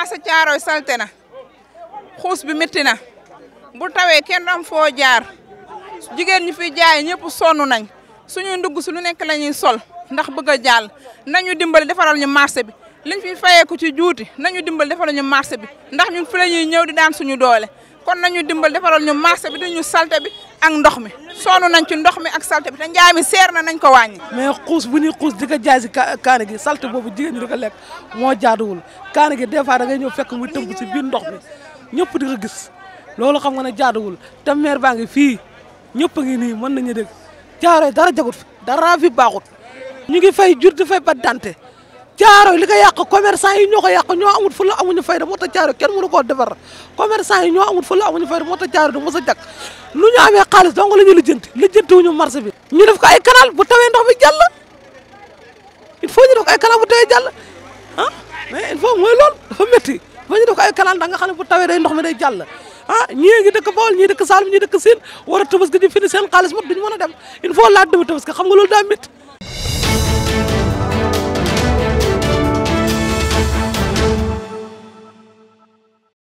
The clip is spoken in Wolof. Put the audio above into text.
marché Caaroy salte na xuus bi métti na bu tawee kenn am foo jaar jigéen ñi fi jaay ñëpp sonn nañ suñuy ndugg su lu nekk lañuy sol ndax bëgg a jàll nañu dimbali defaral ñu marché bi liñ fi fayeeku ci juuti nañu dimbali defaral ñu marché bi ndax ñu fi la ñuy ñëw di daan suñu doole kon nañu dimbal defaral ñu marché bi dañu salta bi ak ndox mi sonn nañ ci ndox mi ak salte bi te njaay mi seer na nañ ko wàññi. mais xuus bu ñuy xuus di ko jaay si kaani gi salte boobu jigéen ñi di ko lekk moo jaaduwul kaani gi des fois da ngay ñëw fekk muy tëmb si biir ndox mi ñëpp di ko gis loolu xam nga ne jaaduwul te maire baa ngi fii ñëpp a ngi nii mën nañu dégg jaaree dara jagut fi dara fi baaxut ñu ngi fay jur di fay ba dante caaro li ko yàq yi ñoo ko yàq ñoo amul fu la amuñu fayda moo tax caaro kenn mënu koo defar commerçant yi ñoo amul fu la amuñu a jag lu ñu amee xaalis ñu lijjanti lijjanti wuñu marché bi ñu def ko ay canal bu tawee ndox mi jàll il faut ñu def ko ay canal bu tawee jàll ah mais il ñu def nga xam ne bu tawee day ndox ah a tabaski di fini seen a dem il faut laaj dama tabaski xam nga loolu daa métti